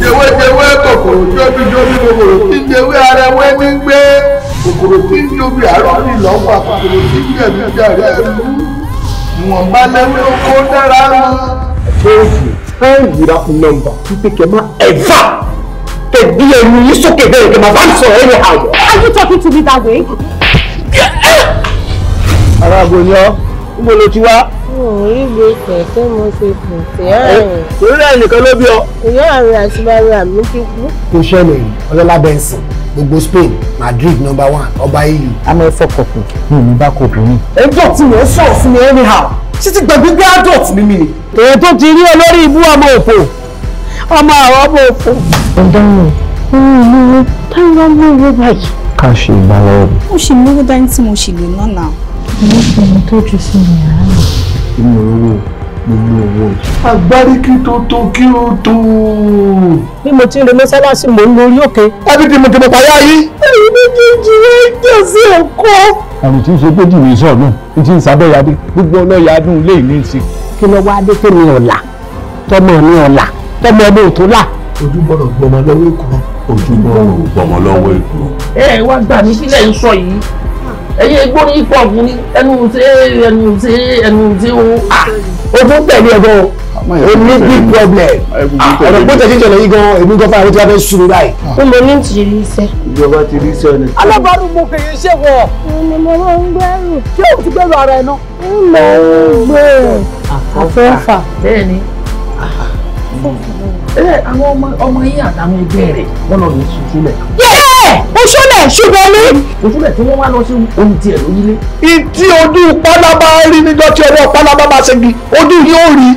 jẹwéjẹwé kòkòrò jóbíjóbí kòkòrò tí jẹwé arẹwé ní gbé kòkòrò tí ń jóbi àárọ̀ ní lọ́pàá kòkòrò tí ń jẹ̀bi jàre ẹlú wọn bá lẹ́wé oko dára lọ. àtẹ̀yìn time without number wípé kẹ́ máa ẹ̀fà kẹ́ bí ẹnu yìí sókè bẹ́ẹ̀ kẹ́ máa bá ń sọ̀rọ̀ ẹ̀rẹ̀ àwọ̀. Are you talking to me that way? aráàgbò ni ọ́ ń bolo ti wá orígbè kẹ̀kẹ́ mo ṣe kù ìyá rẹ̀. ìyá rẹ̀ nìkan ló bí ọ. ìyá rẹ̀ àti bàbá mi ti kú. kò ṣẹlẹ̀ yìí ọlọ́lá benson gbogbo spain madrid number one ọba eu. a máa fọ kọkù ní ìlú bá kò bìnrin. ẹjọ́ tí mo sọ̀rọ̀ fún mi anyhow títí gbẹ̀gbẹ̀gbẹ̀ adult ni mi ni. èyí tó ti rí olórí ibú ọmọ òfò ọmọ àwọn ọmọ òfò. ọ̀daràn ohun ìlú wo táwọn ọmọ ìlú báyìí. ká ṣe ìgbàlọ́wọ́. mo ṣì mú dání tí mo ṣì lè ná náà. mo ṣe ohun tó jù sí mi àárọ̀ èmi ò rówó mo mú owó yìí. agbáríkì tó tó kí ó tó. bí mo ti ń lo mọ́sálásí mò ń lo orí òkè. tábí tí mo ti mọ parí ayé. èyí méjèèjì rẹ̀ ń jà sí ẹ̀kọ́. àrùn tí ń ṣe pé dìrì sọ̀nù ní ti ń sábẹ́ yadé gbogbo ọlọ́yà adùn lè ní sí. kí ló wá dé tèmi ọ̀la tọmọ mi ọ̀la tọmọ ọmọ òtún là. ojú gbọ́dọ̀ gbọmọ lọ́wọ́ èkó. ojú gbọ́dọ̀ gbọmọ lọ́wọ́ èkó. ẹ wá gbà mí sílẹ̀ ń sọ yìí ẹ̀yin egbò ní fọ́ọ̀mù ní ẹnu ṣe ẹnu ṣe ẹnu ṣe o. Ah, o tún tẹ̀lé ẹ̀gbọ́n o ní big problem ah, ọ̀nà pé tẹ̀lé ìjọba yìí gan èmi gan fáwọn tí wọ́n fẹ́ sùn mí báyìí. n mo ní ti rí iṣẹ́. ìjọba ti rí iṣẹ́ ni. alábàárù mo kèye ṣe wọ. ẹni mo máa ń gbẹrù. ṣé o ti gbẹrù ara ẹ ná. ń mọ gbẹ e. àfẹ́fà. bẹ́ẹ̀ ni àwọn ọmọ yín àtàwọn ẹgbẹ́ rẹ̀ wọ́n lọ lè sùn sílẹ̀. ó ṣọlẹ̀ ṣùgbọ́n ní òṣùlẹ̀ tí wọ́n wá lọ sí ohun tiẹ̀ lórílẹ̀. ìtí ojú pálábá rí níjọ́ tí ọwọ́ pálábá bá ṣe gbin ojú yóò rí